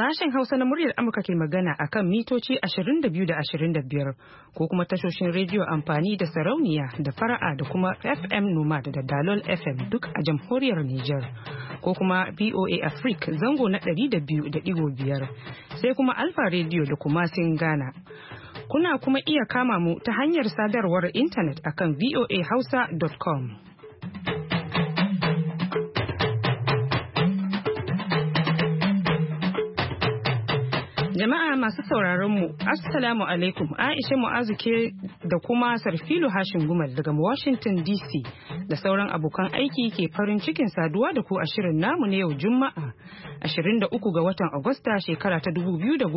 Sashen Hausa na muryar Amurka ke magana a kan mitoci 22 da 25 ko kuma tashoshin rediyo amfani da sarauniya da fara'a da kuma FM Nomad da Dalol FM duk a jamhuriyar Nijar ko kuma BOA Africa zango na 200.5 sai kuma Alfa Radio da kuma Sin Kuna kuma iya kama mu ta hanyar sadarwar intanet akan voahausa.com. Jama'a masu sauraron mu, Assalamu alaikum, Aisha Mu'azu ke da kuma Sarfilu Hashin Gumal daga Washington DC da sauran abokan aiki ke farin cikin saduwa da ku a shirin namu na yau Juma'a 23 ga watan Agusta shekara ta 2019.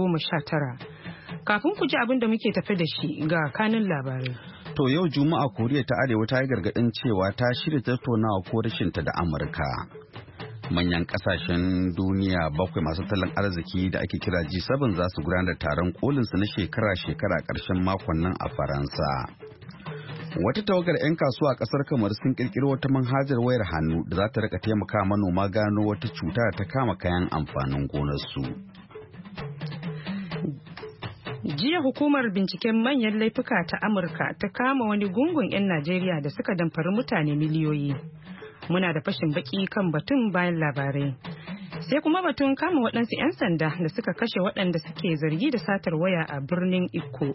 Kafin ku ji abin da muke tafe da shi ga kanin labarai. To yau Juma'a Koriya ta Arewa ta yi gargaɗin cewa ta shirya tattaunawa ko rashinta da Amurka. manyan kasashen duniya bakwai masu tallan arziki da ake kira G7 za su gudanar taron kolinsu na shekara-shekara karshen makon nan a Faransa. Wata tawagar 'yan kasuwa a ƙasar kamar sun ƙirƙiri wata manhajar wayar hannu da za ta rika taimaka manoma gano wata cuta da ta kama kayan amfanin gonarsu. jiya hukumar binciken manyan laifuka ta amurka ta kama wani gungun 'yan najeriya da suka damfari mutane miliyoyi muna da fashin baki kan batun bayan labarai sai kuma batun kama waɗansu 'yan sanda da suka kashe waɗanda suke zargi da satar waya a birnin iko.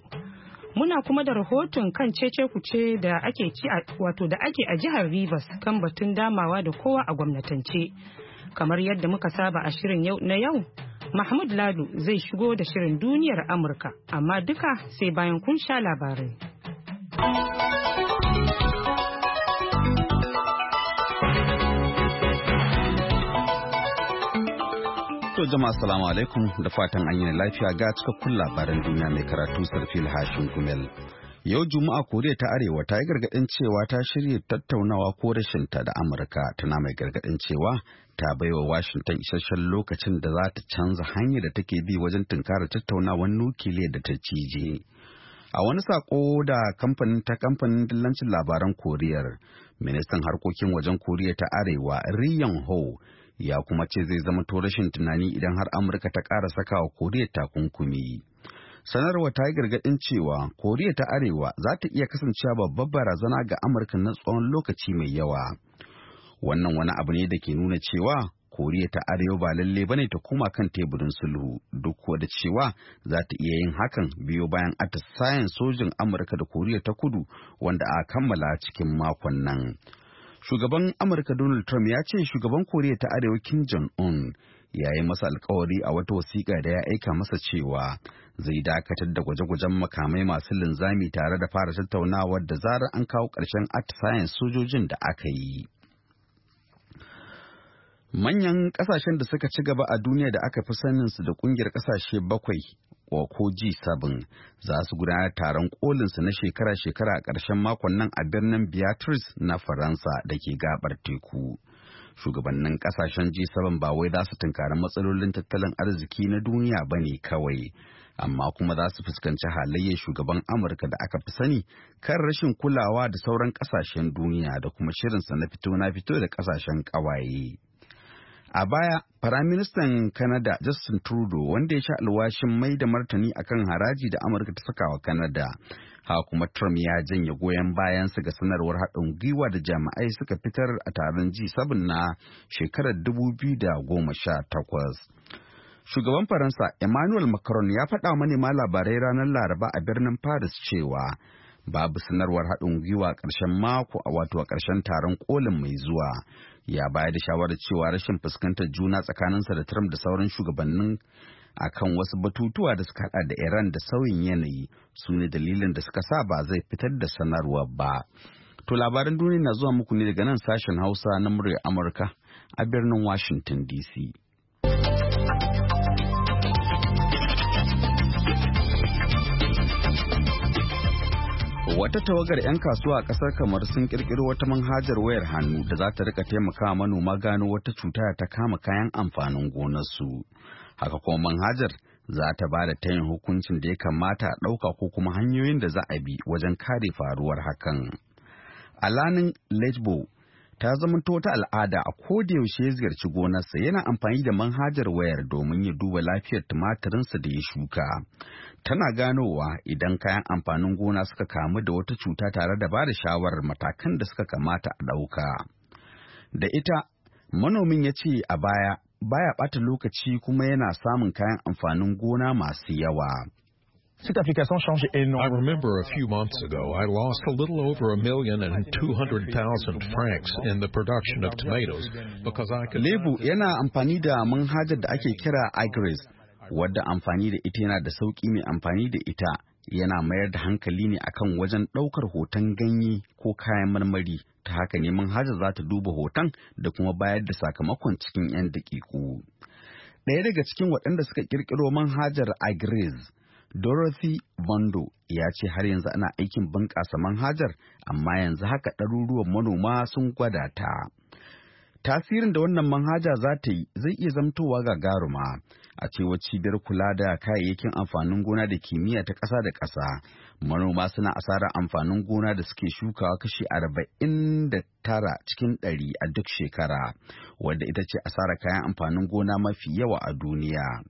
muna kuma da rahoton kan cece kuce da ake ci wato da ake a jihar rivers kan batun damawa da kowa a gwamnatance kamar yadda muka saba a shirin yau na yau mahmud lalu zai shigo da shirin duniyar amurka amma duka sai bayan kun sha labarai To jama'a assalamu alaikum da fatan an yi lafiya ga cikakkun labaran duniya mai karatu sarfil hashin gumel. Yau Juma'a Koriya ta Arewa ta yi gargadin cewa ta shirya tattaunawa ko rashinta da Amurka tana mai gargadin cewa ta baiwa Washington isasshen lokacin da za ta canza hanyar da take bi wajen tunkara tattaunawar nukiliya da ta cije. A wani sako da kamfanin ta kamfanin dillancin labaran Koriyar, ministan harkokin wajen Koriya ta Arewa Ri Ho ya kuma ce zai zama to rashin tunani idan har amurka ta ƙara saka wa koriya takunkumi sanarwa ta yi gargaɗin cewa koriya ta arewa za ta iya kasancewa babbar barazana ga amurka na tsawon lokaci mai yawa wannan wani abu ne da ke nuna cewa koriya ta arewa ba lalle bane ta koma kan teburin sulhu duk da cewa za ta iya yin hakan biyo bayan atisayen sojin amurka da koriya ta kudu wanda a kammala cikin makon nan. Shugaban Amurka Donald Trump ya ce shugaban Koriya ta Arewa Kim Jong-un ya yi masa alkawari a wata wasiƙa da ya aika masa cewa zai dakatar da gwaje-gwajen makamai masu linzami tare da fara tattaunawar da zarar an kawo ƙarshen science sojojin da aka yi. Manyan ƙasashen da suka ci gaba a duniya da aka fi saninsu da ƙungiyar ƙasashe bakwai ko G7 za su gudanar taron kolinsu na shekara-shekara a ƙarshen makon nan a birnin Beatrice na Faransa da ke gabar teku. Shugabannin ƙasashen G7 ba wai za su tunkari matsalolin tattalin arziki na duniya ba ne kawai, amma kuma za su fuskanci halayyar shugaban Amurka da aka fi sani kan rashin kulawa da sauran ƙasashen duniya da kuma shirinsa na fito na fito da ƙasashen ƙawaye. A baya, Firaministan Kanada Justin Trudeau wanda ya sha alwashin mai da martani akan haraji da Amurka ta saka wa Kanada. Ha kuma Trump ya janye goyon bayansa ga sanarwar haɗin gwiwa da jami'ai suka fitar a taron G7 na shekarar 2018. Shugaban Faransa Emmanuel Macron ya faɗa manema labarai ranar Laraba a birnin Paris cewa babu sanarwar haɗin gwiwa ƙarshen mako a wato a ƙarshen taron ƙolin mai zuwa ya bayar da shawarar cewa rashin fuskantar juna tsakaninsa da Trump da sauran shugabannin akan wasu batutuwa da suka hada da Iran da sauyin yanayi su ne dalilin da suka sa ba zai fitar da sanarwa ba. To labaran duniya na zuwa muku ne daga nan sashen Hausa na murya Amurka a birnin Washington DC. Wata tawagar 'yan kasuwa a ƙasar kamar sun ƙirƙiro wata manhajar wayar hannu da za ta rika taimakawa manoma gano wata cuta ta kama kayan amfanin gonar su, Haka kuma manhajar za ta ba da tayin hukuncin da ya kamata a ɗauka ko kuma hanyoyin da za a bi wajen kare faruwar hakan. Alanin lejbo ta zamanto wata al'ada a yaushe ya ziyarci gonarsa yana amfani da manhajar wayar domin ya duba lafiyar tumatirinsa da ya shuka tana ganowa idan kayan amfanin gona suka kamu da wata cuta tare da ba da shawarar matakan da suka kamata a ɗauka. Da ita, manomin ya ce a baya baya ɓata lokaci kuma yana samun kayan amfanin gona masu yawa. I remember a few months ago, I lost a little over a million and two hundred thousand francs in the production of tomatoes because I could. Lebu yana amfani da manhajar da ake kira Agris wadda amfani da ita yana da sauƙi mai amfani da ita yana mayar da hankali ne akan wajen ɗaukar hoton ganye ko kayan marmari ta haka neman haja za ta duba hoton da kuma bayar da sakamakon cikin 'yan daƙiƙu. Ɗaya daga cikin waɗanda suka ƙirƙiro manhajar Greece, Dorothy Bando ya ce har yanzu ana aikin bunƙasa manhajar amma yanzu haka ɗaruruwan manoma sun gwada ta. Tasirin da wannan manhaja za ta yi zai iya zamtowa gagaruma. a cewar cibiyar kula da kayayyakin amfanin gona da kimiyya ta ƙasa da ƙasa manoma suna asarar amfanin gona da suke shukawa kashi arba'in da tara cikin ɗari a duk shekara wadda ita ce asara kayan amfanin gona mafi yawa a duniya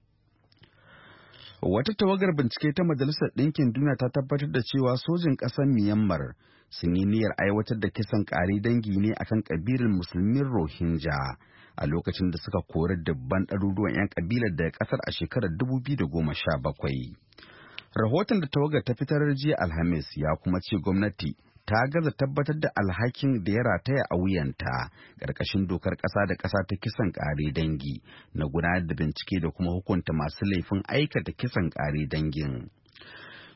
wata tawagar bincike ta majalisar ɗinkin duniya ta tabbatar da cewa sojin ƙasar myanmar sun yi niyyar aiwatar da kisan ƙari dangi ne akan ƙabilar musulmin rohingya a lokacin da suka kori dubban ɗaruruwan 'yan ƙabilar daga ƙasar a shekarar 2017. Rahoton da tawagar ta fitar jiya Alhamis ya kuma ce gwamnati ta gaza tabbatar da alhakin da ya rataya a wuyanta ƙarƙashin dokar ƙasa da ƙasa ta kisan ƙare dangi na gudanar da bincike da kuma hukunta masu laifin aikata kisan ƙare dangin.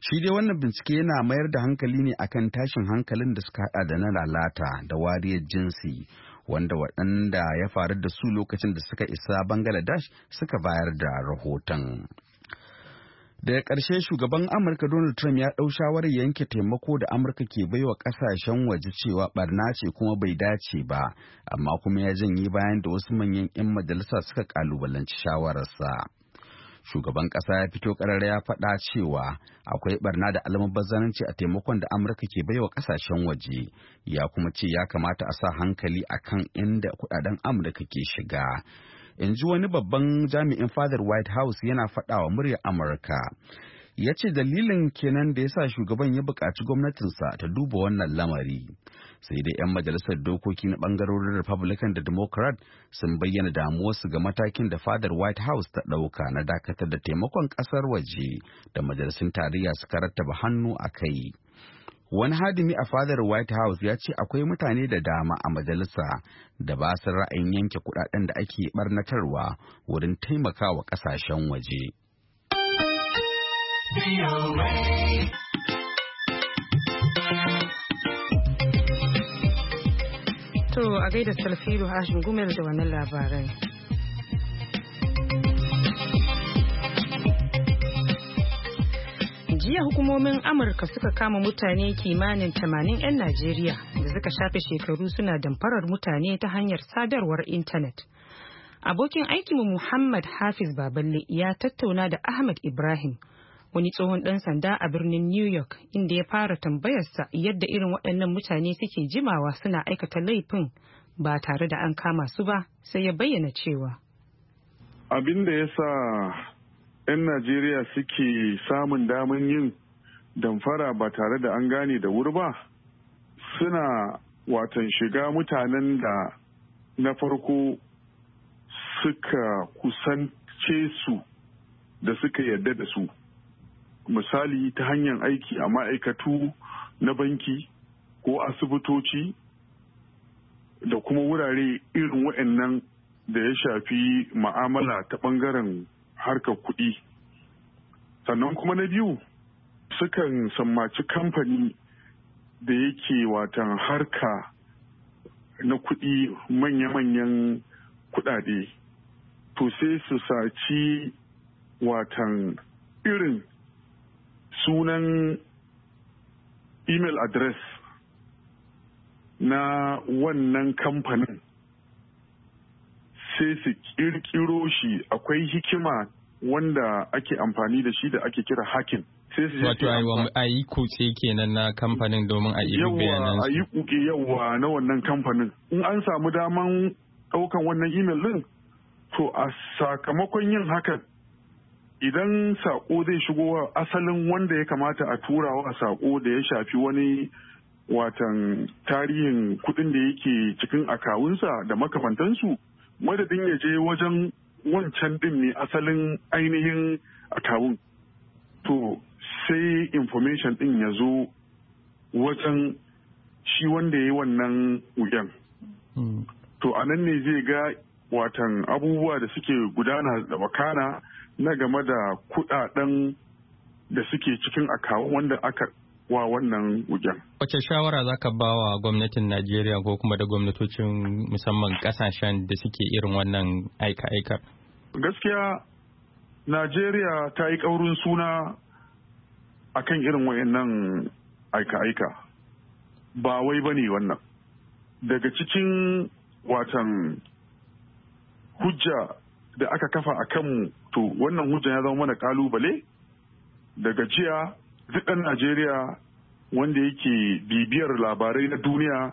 shi dai wannan bincike yana mayar da hankali ne akan tashin hankalin da suka haɗa da na lalata da wariyar jinsi wanda waɗanda ya faru da su lokacin da suka isa Bangladesh suka bayar da rahoton. Daga ƙarshe shugaban Amurka Donald Trump ya ɗau shawarar yanke taimako da Amurka ke baiwa ƙasashen waje cewa ɓarna ce kuma bai dace ba, amma kuma ya janye bayan da wasu manyan 'yan majalisa suka ƙalubalanci shawararsa. shugaban kasa ya fito karar ya faɗa cewa akwai barna da almubazzaranci a taimakon da amurka ke baiwa kasashen waje ya kuma ce ya kamata a sa hankali a kan inda kudaden amurka ke shiga in ji wani babban jami'in fadar white house yana faɗa wa muryar amurka ya ce dalilin kenan da ya sa shugaban ya buƙaci gwamnatinsa ta duba wannan lamari sai dai 'yan majalisar dokoki na bangarorin republican da democrat sun bayyana su ga matakin da fadar white house ta ɗauka na dakatar da taimakon ƙasar waje da majalisun tarayya suka rattaba hannu a kai wani hadimi a fadar white house ya ce akwai mutane da dama a majalisa da ba su ra'ayin yanke kudaden da ake barnatarwa wurin taimakawa kasashen waje To a gaida Salfiru Hashim Gumel da wannan labarai. Jiya hukumomin Amurka suka kama mutane kimanin tamanin 'yan Najeriya da suka shafe shekaru suna damfarar mutane ta hanyar sadarwar intanet. Abokin aikinmu Muhammad Hafiz Baballe ya tattauna da Ahmad Ibrahim. wani tsohon dan sanda a birnin New York inda ya fara tambayarsa yadda irin waɗannan mutane suke jimawa suna aikata laifin ba tare da an kama su ba sai ya bayyana cewa. Abin da ya sa 'yan Najeriya suke samun daman yin damfara ba tare da an gane da wuri ba suna watan shiga mutanen da na farko suka kusance su da suka yadda da su misali ta hanyar aiki a ma'aikatu na banki ko asibitoci da kuma wurare irin waɗannan da ya shafi ma'amala ta ɓangaren harkar kuɗi sannan kuma na biyu sukan sammaci kamfani da yake watan harka na kuɗi manya-manyan kuɗaɗe to sai su saci watan irin sunan email address na wannan kamfanin sai su kirkiro shi akwai hikima wanda ake amfani da shi da ake kira hakin. wato a yi kutse kenan na kamfanin domin a iya bayanan a yi kuke yawa na wannan kamfanin in an samu daman daukan wannan email din to a sakamakon yin hakan idan sako zai shigo asalin wanda ya kamata a turawa sako da ya shafi wani watan tarihin kuɗin da yake cikin akawunsa da makamantansu madadin ya je wajen wancan ɗin ne asalin ainihin akawun to sai information ɗin ya zo wajen shi wanda ya yi wannan wuyan hmm. to a nan ne zai ga watan abubuwa da suke gudana da wakana na game da kudaden da suke cikin akawun wanda aka wa wannan wujen. Wace shawara za ka ba wa gwamnatin Najeriya ko kuma da gwamnatocin musamman kasashen da suke irin wannan aika aika Gaskiya Najeriya ta yi ƙaurin suna a kan irin wayannan aika-aika. Ba wai ba ne wannan. Daga cikin watan hujja da aka kafa a kanmu to wannan hujjan ya zama mana kalubale daga jiya duk ɗan najeriya wanda yake bibiyar labarai na duniya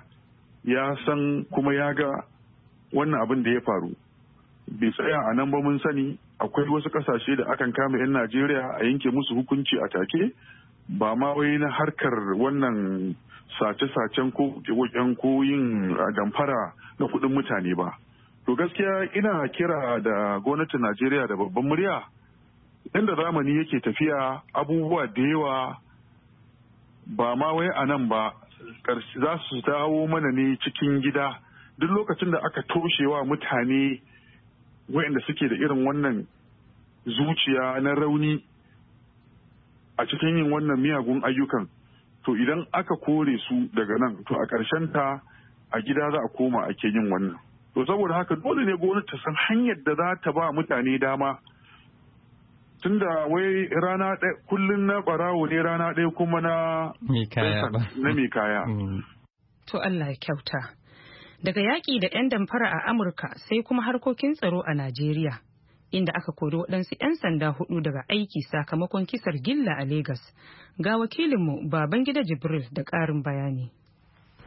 ya san kuma ya ga wannan abin da ya faru bai tsaya a nan ba mun sani akwai wasu ƙasashe da akan kama 'yan najeriya a yanke musu hukunci a take ba ma wai na harkar wannan sace-sacen ko yin damfara na kuɗin mutane ba To gaskiya ina kira da gwamnatin Najeriya da babban murya inda zamani yake tafiya abubuwa da yawa ba ma wai a nan ba za su dawo mana ne cikin gida duk lokacin da aka toshewa mutane waɗanda suke da irin wannan zuciya na rauni a cikin yin wannan miyagun ayyukan to idan aka kore su daga nan to a ƙarshen ta a gida za a koma ake yin wannan to saboda haka dole ne gwamnati ta san hanyar da za ta ba mutane dama tunda wai rana ɗaya kullum na ɓarawo ne rana ɗaya kuma na mai kaya mm. to Allah ya kyauta daga yaƙi da 'yan damfara a amurka sai kuma harkokin tsaro a najeriya inda aka kori waɗansu 'yan sanda hudu daga aiki sakamakon kisar gilla a Legas. Ga wakilinmu Babangida Jibril da ƙarin bayani.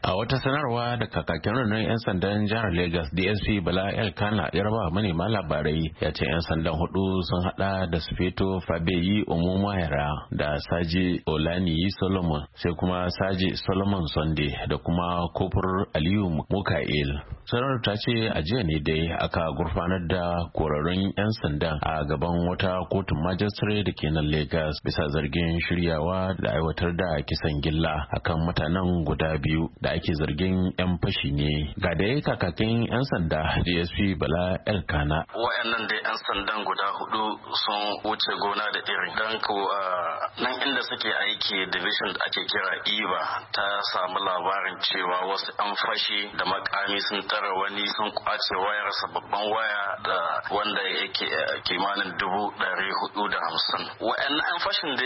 a wata sanarwa da kakakin rundunar 'yan sandan jihar lagos dsp bala el kana ya raba manema labarai ya ce 'yan sandan hudu sun hada da sufeto fabeyi umumayara da saji olani solomon sai kuma saji solomon sunday da kuma kofar aliyu mukail sanar ta ce a jiya ne dai aka gurfanar da korarrun 'yan sanda a gaban wata kotun majistare da ke nan lagos bisa zargin shiryawa da aiwatar da kisan gilla akan mutanen guda biyu da ake zargin 'yan fashi ne ga da ya kakakin 'yan sanda dsp bala elkana wa'annan da 'yan sandan guda hudu sun wuce gona da irin don nan inda suke aiki division da ake kira iba ta samu labarin cewa wasu 'yan fashi da makami sun tara wani sun kwace wayarsa babban waya da wanda yake kimanin dubu dari hudu da hamsin wa'annan 'yan fashin da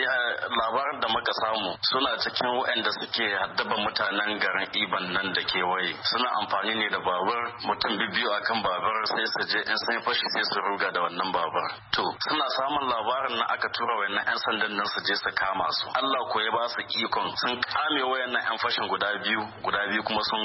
labarin da muka samu suna cikin wa'anda suke haddaba mutanen garin iban nan da kewaye suna amfani ne da babar mutum biyu akan babur sai su je in sun fashi sai su ruga da wannan babar. to suna samun labarin na aka tura wayannan yan sandan nan su je su kama su Allah ko ya ba su ikon sun kame wayannan yan fashin guda biyu guda biyu kuma sun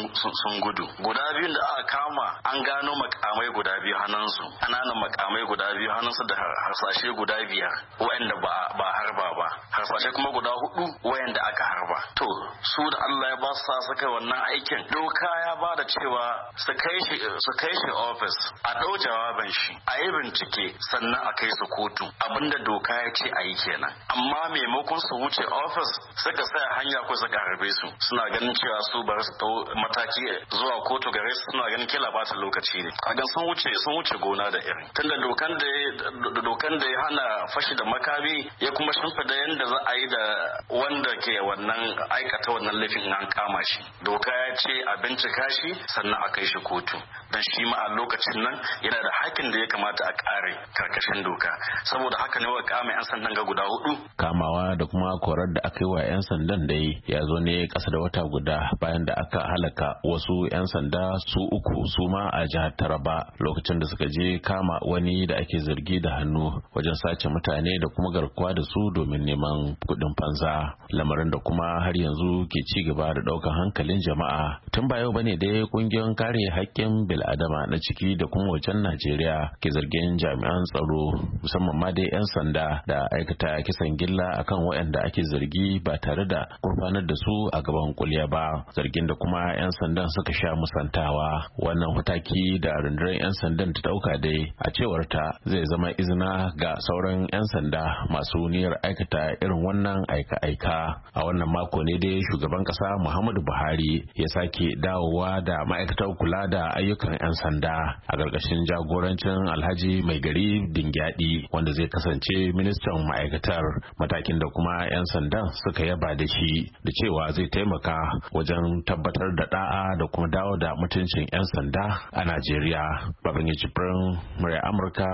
gudu guda biyun da aka kama an gano makamai guda biyu hannunsu ananan makamai guda biyu hannunsu da harsashe guda biyar wayanda ba harba ba harsashe kuma guda hudu wayanda aka harba to su da Allah ya ba su sa suka wannan aikin doka ya ba da cewa su kai shi ofis a ɗau jawaban shi a yi bincike sannan a kai su kotu abinda doka ya ce a yi kenan amma maimakon su wuce ofis suka sa hanya ko suka harbe su suna ganin cewa su bar su ɗau mataki zuwa kotu gare su suna ganin kila ba su lokaci ne a sun wuce sun wuce gona da irin tunda dokan da dokan da ya hana fashi da makami ya kuma shimfida yadda za a yi da wanda ke wannan aikata wannan laifin an kama shi doka ya ce a bincika shi sannan a kai shi kotu don shi ma a lokacin nan yana da hakin da ya kamata a kare karkashin doka saboda haka ne wa kama yan sandan ga guda hudu kamawa da kuma korar da aka yi wa yan sandan da ya zo ne kasa da wata guda bayan da aka halaka wasu yan sanda su uku su ma a jihar taraba lokacin da suka je kama wani da ake zargi da hannu wajen sace mutane da kuma garkuwa da su domin neman kuɗin fansa lamarin da kuma har yanzu ke ci gaba da ɗaukar hankali hankalin jama'a tun ba yau bane dai kungiyoyin kare haƙƙin bil'adama na ciki da kuma wajen najeriya ke zargin jami'an tsaro musamman ma dai 'yan sanda da aikata kisan gilla akan waɗanda ake zargi ba tare da kurfanar da su a gaban kuliya ba zargin da kuma 'yan sandan suka sha musantawa wannan hutaki da rundunar 'yan sandan ta dauka dai a cewar ta zai zama izina ga sauran 'yan sanda masu niyyar aikata irin wannan aika-aika a wannan mako ne dai shugaban ƙasa muhammadu buhari ya sake dawowa da ma'aikatar kula da ayyukan 'yan sanda a ƙarƙashin jagorancin Alhaji Mai Gari Dingyadi wanda zai kasance ministan ma'aikatar matakin da kuma 'yan sandan suka yaba da shi da cewa zai taimaka wajen tabbatar da da'a da kuma dawo da mutuncin 'yan sanda a Najeriya. Babangiji Jibrin murya Amurka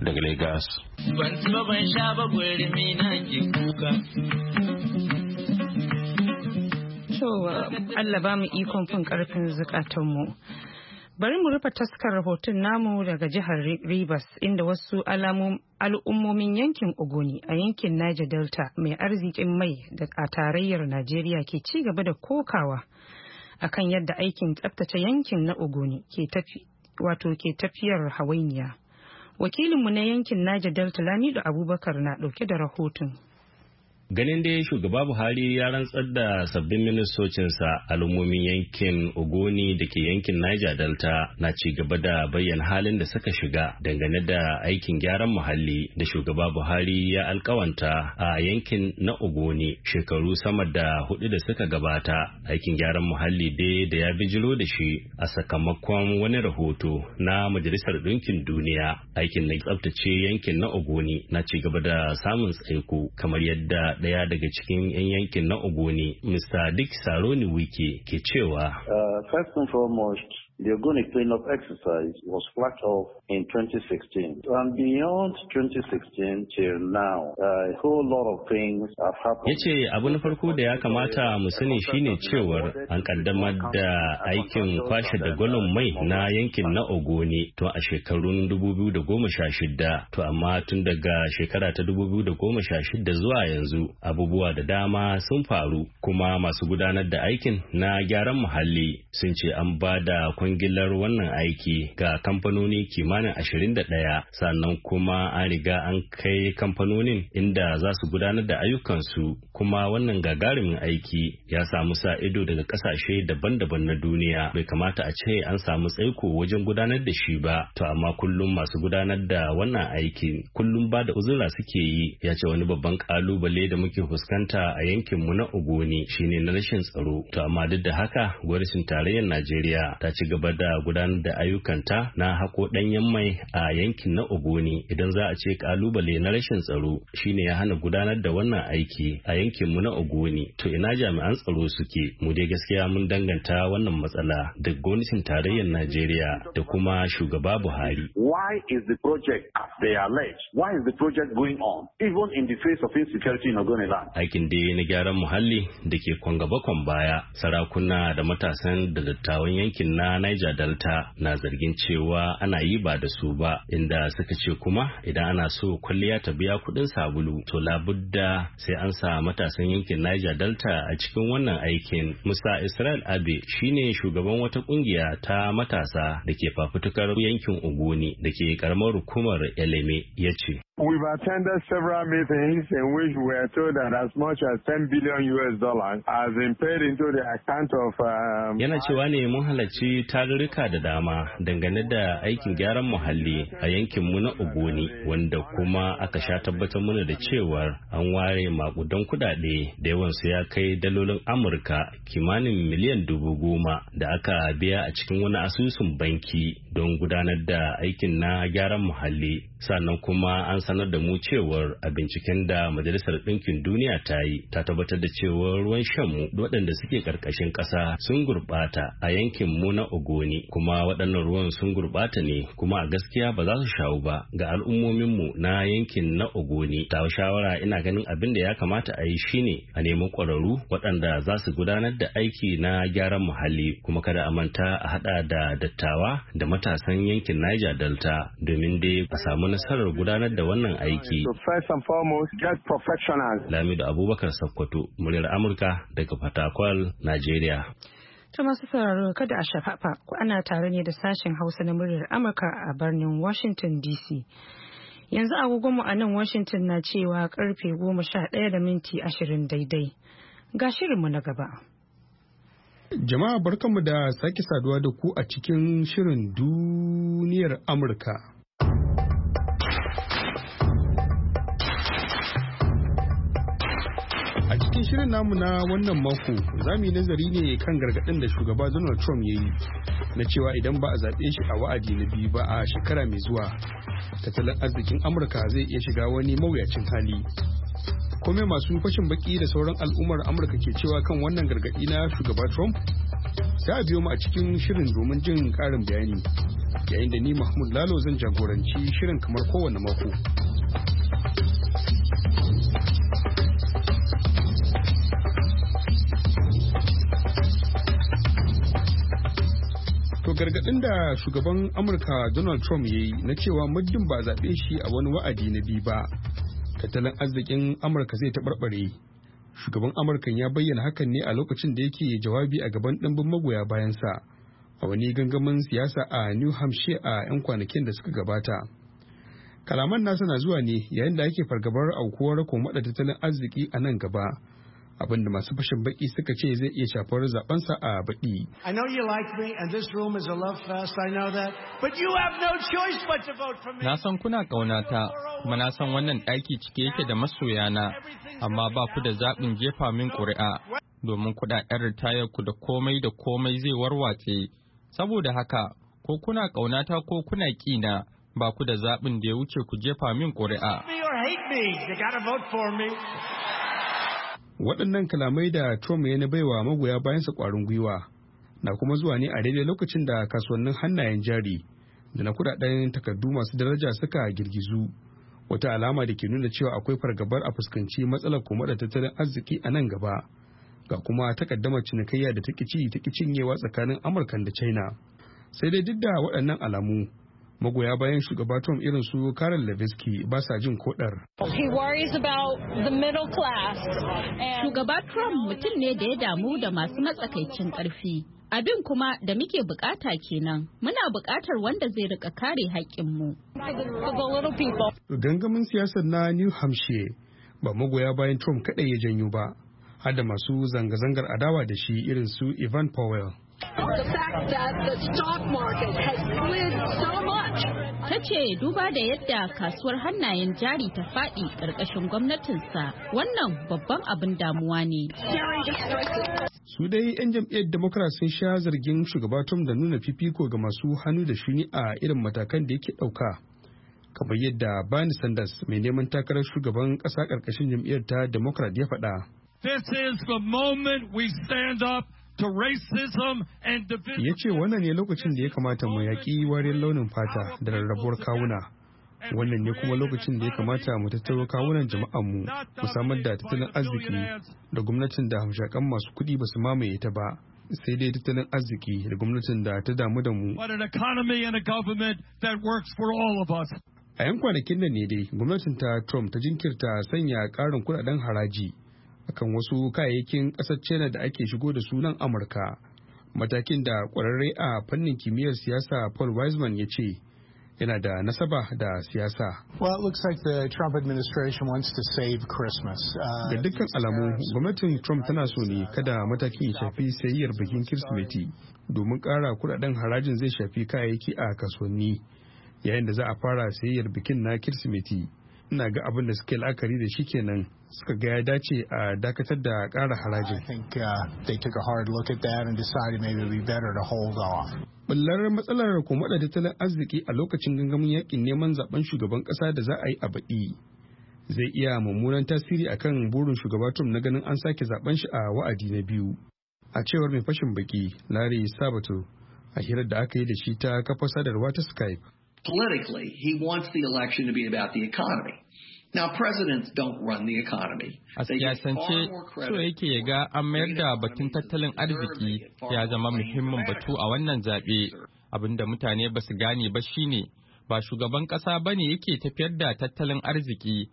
daga Lagos. cewa Allah ba mu ikon fin karfin zukatanmu. Bari mu rufe taskar rahoton namu daga jihar Rivers inda wasu al'ummomin yankin Ogoni a yankin Niger Delta mai arzikin mai da a tarayyar Najeriya ke ci gaba da kokawa akan yadda aikin tsaftace yankin na Ogoni ke tafi wato ke tafiyar hawainiya. Wakilinmu na yankin Niger Delta Lamido Abubakar na dauke da rahoton. ganin dai shugaba buhari ya rantsar da sabbin ministocinsa al'ummomin yankin ogoni da ke yankin niger delta na cigaba da bayyana halin da suka shiga dangane da aikin gyaran muhalli da shugaba buhari ya alkawanta a yankin na ogoni shekaru sama da hudu da suka gabata aikin gyaran muhalli dai da ya bijiro da shi a sakamakon wani rahoto na majalisar Dunkin duniya aikin na tsabtace yankin na ogoni na cigaba da samun tsaiko kamar yadda ɗaya daga cikin 'yan yankin na Ogoni, Mr. Dick Saroni Wike ke cewa. Uh, first and foremost, The organic cleanup exercise was flagged off in 2016. And beyond 2016 till now, a whole lot of things have happened. Yace abu na farko da ya kamata mu sani shine cewar an kaddamar da aikin kwashe da gwalon mai na yankin na Ogoni tun a shekarun 2016. To amma tun daga shekara ta 2016 zuwa yanzu abubuwa da dama sun faru kuma masu gudanar da aikin na gyaran muhalli sun ce an ba da kwangilar wannan aiki ga kamfanoni kimanin ashirin da ɗaya sannan kuma an riga an kai kamfanonin inda za su gudanar da ayyukansu kuma wannan gagarumin aiki ya samu sa ido daga ƙasashe daban-daban na duniya bai kamata a ce an samu tsaiko wajen gudanar da shi ba to amma kullum masu gudanar da wannan aiki kullum ba da uzura suke yi ya ce wani babban kalubale da muke fuskanta a yankinmu na ogoni shine na rashin tsaro to amma duk da haka gwamnatin tarayyar najeriya ta ci gaba gaba da gudanar da ayyukanta na hako ɗanyen mai a yankin na Ogoni idan za a ce kalubale na rashin tsaro shine ya hana gudanar da wannan aiki a yankinmu na Ogoni. To ina jami'an tsaro suke mu dai gaskiya mun danganta wannan matsala da gwamnatin tarayyar Najeriya da kuma shugaba Buhari. Why is the project as they allege? Why is the project going on even in the face of insecurity in Ogoni land? Aikin dai na gyaran muhalli da ke kwan gaba kwan baya sarakuna da matasan da dattawan yankin na Niger Delta na zargin cewa ana yi ba da su ba inda suka ce kuma idan ana so kwalliya ta biya kuɗin sabulu to labudda sai an sa matasan yankin Niger Delta a cikin wannan aikin. Musa Israel Abe shine shugaban wata kungiya ta matasa da ke fafutukar yankin Ogoni da ke karamar hukumar Eleme ya ce. We've attended several meetings in which we are told that as much as 10 billion US dollars has been paid into the account of um, Yana cewa ne mun halarci tarurruka da dama dangane da aikin gyaran muhalli a yankin mu na Ogoni wanda kuma aka sha tabbatar mana da cewar an ware makudan kudade da yawan su ya kai dalolin Amurka kimanin miliyan dubu goma da aka biya a cikin wani asusun banki don gudanar da aikin na gyaran muhalli sannan kuma an sanar da mu cewar a binciken da majalisar ɗinkin duniya ta yi ta tabbatar da cewar ruwan shan mu waɗanda suke ƙarƙashin ƙasa sun gurɓata a yankin mu na ogoni kuma waɗannan ruwan sun gurɓata ne kuma a gaskiya ba za su shawo ba ga al'ummominmu na yankin na ogoni ta shawara ina ganin abin da ya kamata a yi shine a neman ƙwararru waɗanda za su gudanar da aiki na gyaran muhalli kuma kada a manta a haɗa da dattawa da matasan yankin niger delta domin dai a samu nasarar gudanar da wannan aiki. Lamidu Abubakar Sakkwato, muryar Amurka daga Fatakwal, Najeriya. Ta masu sauraro kada a shafafa ku ana tare ne da sashen Hausa na muryar Amurka a birnin Washington DC. Yanzu agogonmu a nan Washington na cewa karfe goma sha ɗaya da minti ashirin daidai. Ga shirinmu na gaba. Jama'a barkanmu da sake saduwa da ku a cikin shirin duniyar Amurka. cikin shirin namu na wannan mako za mu yi nazari ne kan gargaɗin da shugaba donald trump ya yi na cewa idan ba a zaɓe shi a wa'adi na biyu ba a shekara mai zuwa tattalin arzikin amurka zai iya shiga wani mawuyacin hali kome masu fashin baki da sauran al'ummar amurka ke cewa kan wannan gargaɗi na shugaba trump za a biyo mu a cikin shirin domin jin karin bayani yayin da ni mahmud lalo zan jagoranci shirin kamar kowane mako gargaɗin da shugaban amurka donald trump ya yi na cewa muddin ba zaɓe shi a wani wa'adi na biyu ba tattalin arzikin amurka zai taɓarɓare shugaban amurka ya bayyana hakan ne a lokacin da yake jawabi a gaban ɗimbin magoya bayansa a wani gangamin siyasa a new hampshire a 'yan kwanakin da suka gabata kalaman nasa na zuwa ne yayin da ake fargabar aukuwar maɗa tattalin arziki a nan gaba abinda masu fashin baki suka ce zai iya shafar sa a baɗi. I know you like me and this room is a love fest, I know that, but you have no choice but to vote for me. Na san kuna ƙaunata, kuma na san wannan ɗaki cike yake da masoya na. amma ba ku da zaɓin jefa min ƙuri'a. Domin kuɗaɗen ritayar ku da komai da komai zai warwace. Saboda haka, ko kuna ƙaunata ko kuna ƙina, ba ku da zaɓin da ya wuce ku jefa min ƙuri'a. waɗannan kalamai da trump ya na baiwa magoya bayansa ƙwarin gwiwa na kuma zuwa ne a daidai lokacin da kasuwannin hannayen jari da na kudaden takardu masu daraja suka girgizu wata alama da ke nuna cewa akwai fargabar a fuskanci matsalar kuma da tattalin arziki a nan gaba ga kuma takaddamar cinikayya da ta ci ta cinyewa tsakanin Amurkan da china sai dai duk da waɗannan alamu magoya bayan shugaba Tom irin su Karen Levinsky ba sa jin kodar. Shugaba Trump mutum ne da ya damu da masu matsakaicin ƙarfi. Abin kuma da muke bukata kenan, muna bukatar wanda zai rika kare haƙƙinmu. Gangamin siyasar na New Hampshire ba magoya bayan Trump kaɗai ya janyo ba, har masu zanga-zangar adawa da shi irin su Ivan Powell. Ta ce duba da yadda kasuwar hannayen jari ta faɗi ƙarƙashin gwamnatinsa wannan babban abin damuwa ne. Su dai 'yan jam'iyyar Democrat sun sha zargin shugaba Tom da nuna fifiko ga masu hannu da shuni a irin matakan da yake ɗauka. Kamar yadda Bernie Sanders mai neman takarar shugaban ƙasa ƙarƙashin jam'iyyar ta Democrat ya faɗa. This is the moment we stand up Ya ce wannan ne lokacin da ya kamata mu yaƙi wariyar launin fata da rarrabuwar kawuna. Wannan ne kuma lokacin da ya kamata mu tattaro kawunan jama'anmu mu samar da tattalin arziki da gwamnatin da hamshakan masu kuɗi ba su mamaye ta ba. Sai dai tattalin arziki da gwamnatin da ta damu da mu. A 'yan kwanakin nan ne dai gwamnatin ta Trump ta jinkirta sanya ƙarin kuɗaɗen haraji akan wasu kayayyakin ƙasar china da ake shigo da sunan amurka matakin da ƙwararre a fannin kimiyyar siyasa paul wiseman ya ce yana da nasaba da siyasa. Well, it looks like the Trump administration wants to save Christmas. Da uh, dukkan alamu, gwamnatin Trump tana so ne uh, kada matakin ya shafi sayayyar bikin Kirsimeti domin ƙara kudaden harajin zai shafi kayayyaki a kasuwanni yayin da za a fara sayayyar bikin na Kirsimeti. ina ga abin da suke la'akari da shi kenan suka ga ya dace a dakatar da ƙara harajin. I think uh, they took a hard look at that and maybe be better to hold Bullar matsalar kuma da tattalin arziki a lokacin gangamin yakin neman zaben shugaban ƙasa da za a yi a baɗi zai iya mummunan tasiri akan burin shugaba Trump na ganin an sake zaben shi a wa'adi na biyu. A cewar mai fashin baki Larry Sabato a hirar da aka yi da shi ta kafa sadarwa ta Skype. Politically, he wants the election to be about the economy. Now presidents don't run the economy. A siyasance so yake ya ga an mayar da batun tattalin arziki ya zama muhimmin batu a wannan zaɓe. Abinda mutane ba su gane ba shine ba shugaban ƙasa ba ne yake tafiyar da tattalin arziki.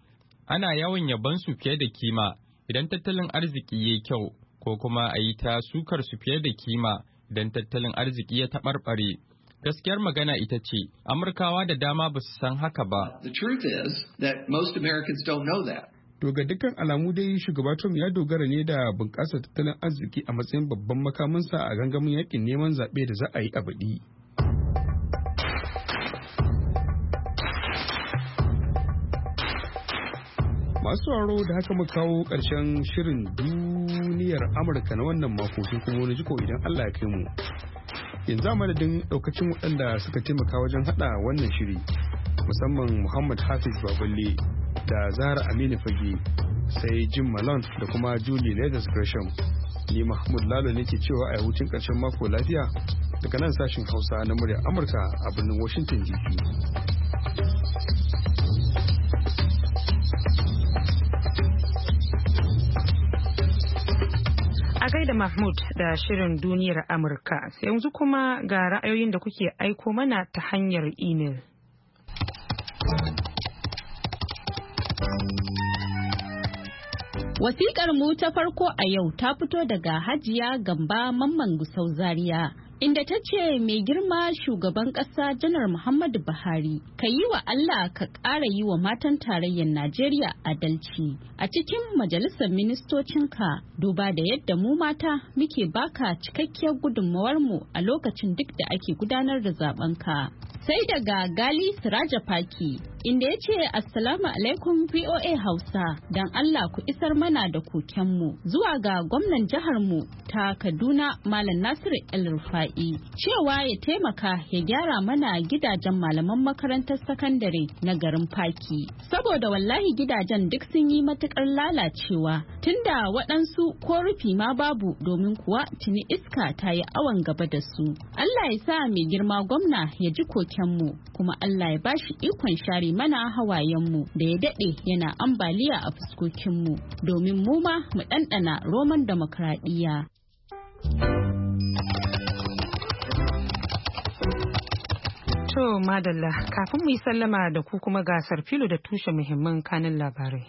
Ana yawan yaban su fiye da kima idan tattalin arziki ya kyau ko kuma a yi ta sukar su fiye da kima idan tattalin arziki ya taɓarɓare. Gaskiyar magana ita ce, Amurkawa da dama ba su san haka ba. The truth is that most Americans don't know that. To ga dukkan alamu dai shugaba Trump ya dogara ne da bunƙasa tattalin arziki a matsayin babban makaminsa a gangamin yakin neman zaɓe da za a yi a baɗi. Masu sauraro da haka mu kawo ƙarshen shirin duniyar Amurka na wannan mako kuma wani jiko idan Allah ya kai mu. yanzu a madadin daukacin waɗanda suka taimaka wajen haɗa wannan shiri musamman muhammad hafiz baballe da zahra aminu fage sai jim malone da kuma julie leathers gresham ni mahmud lalo ne ke cewa a hutun karshen mako lafiya daga nan sashen hausa na muryar amurka a birnin washington dc da Mahmud da Shirin Duniyar Amurka. Sai yanzu kuma ga ra'ayoyin da kuke aiko mana ta hanyar imel. Wasiƙar mu ta farko a yau ta fito daga Hajiya Gamba Mamman Gusau Zaria. inda ta ce mai girma shugaban ƙasa janar Muhammadu Buhari ka yi wa Allah ka ƙara yi wa matan tarayyar Najeriya adalci a cikin majalisar ka duba da yadda mu mata muke baka cikakkiyar gudunmawarmu a lokacin duk da ake gudanar da zaben ka. Sai daga Gali Siraja Paki. inda ya ce Assalamu alaikum VOA Hausa don Allah ku isar mana da kokenmu zuwa ga gwamnan jiharmu ta Kaduna Malam Nasiru El Rufa'i cewa ya taimaka ya gyara mana gidajen malaman makarantar sakandare na garin Faki. Saboda wallahi gidajen duk sun yi matukar lalacewa tunda waɗansu ko rufi ma babu domin kuwa tuni iska ta yi awon gaba da su. Allah ya sa mai girma gwamna ya ji kokenmu kuma Allah ya ba shi ikon share mana hawayenmu da ya daɗe yana ambaliya a fuskokinmu domin mu ma mu ɗanɗana roman demokradiyya. To madalla kafin mu yi sallama da ku kuma gasar filo da tushe muhimman kanin labarai.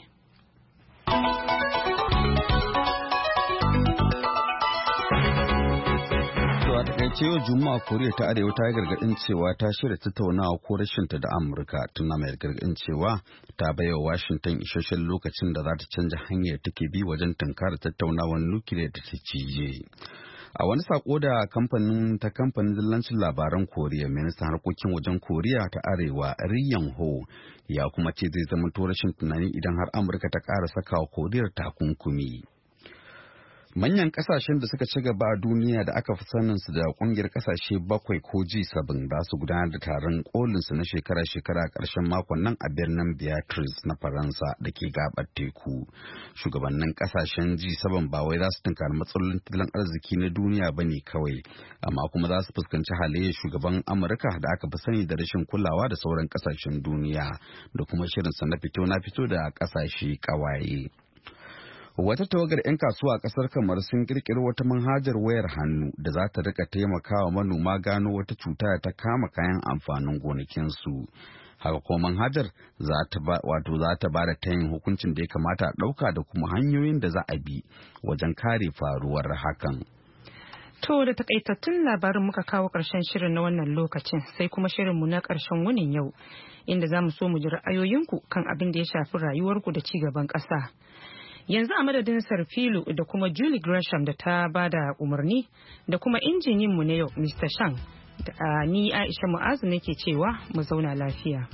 takaice yau juma'a koriya ta arewa ta yi gargaɗin cewa ta shirya tattaunawa ko rashinta da amurka tana mai gargaɗin cewa ta baiwa washington isasshen lokacin da za ta canja hanyar take bi wajen tunkara tattaunawar nukiliya da ta cije a wani sako da kamfanin ta kamfanin dillancin labaran koriya ministan harkokin wajen koriya ta arewa riyan ho ya kuma ce zai zama to rashin tunani idan har amurka ta ƙara sakawa wa koriyar takunkumi Manyan kasashen da suka ci gaba a duniya da aka fi sanin su da kungiyar kasashe bakwai ko G7 za su gudanar da taron kolinsu na shekara-shekara karshen makon nan a birnin Beatrice na Faransa da ke gabar teku. Shugabannin kasashen G7 ba wai za su tunkari matsalolin tattalin arziki na duniya ba ne kawai, amma kuma za su fuskanci halayyar shugaban Amurka da aka fi sani da rashin kulawa da sauran kasashen duniya da kuma shirin shirinsa na fito na fito da kasashe kawaye. Wata tawagar 'yan kasuwa a ƙasar kamar sun ƙirƙiri wata manhajar wayar hannu da za ta rika taimakawa manoma gano wata cuta ta kama kayan amfanin gonakinsu. Haka ko manhajar wato za ta ba da tayin hukuncin da ya kamata a ɗauka da kuma hanyoyin da za a bi wajen kare faruwar hakan. To da takaitattun labarin muka kawo ƙarshen shirin na wannan lokacin sai kuma shirin mu na ƙarshen wunin yau inda za mu so mu ji ra'ayoyinku kan abin da ya shafi rayuwarku da ci gaban ƙasa. yanzu a madadin sarfilu da kuma julie gresham da ta ba da umarni da kuma injininmu mu na yau mr shang da ni aisha mu'azu nake cewa mu zauna lafiya.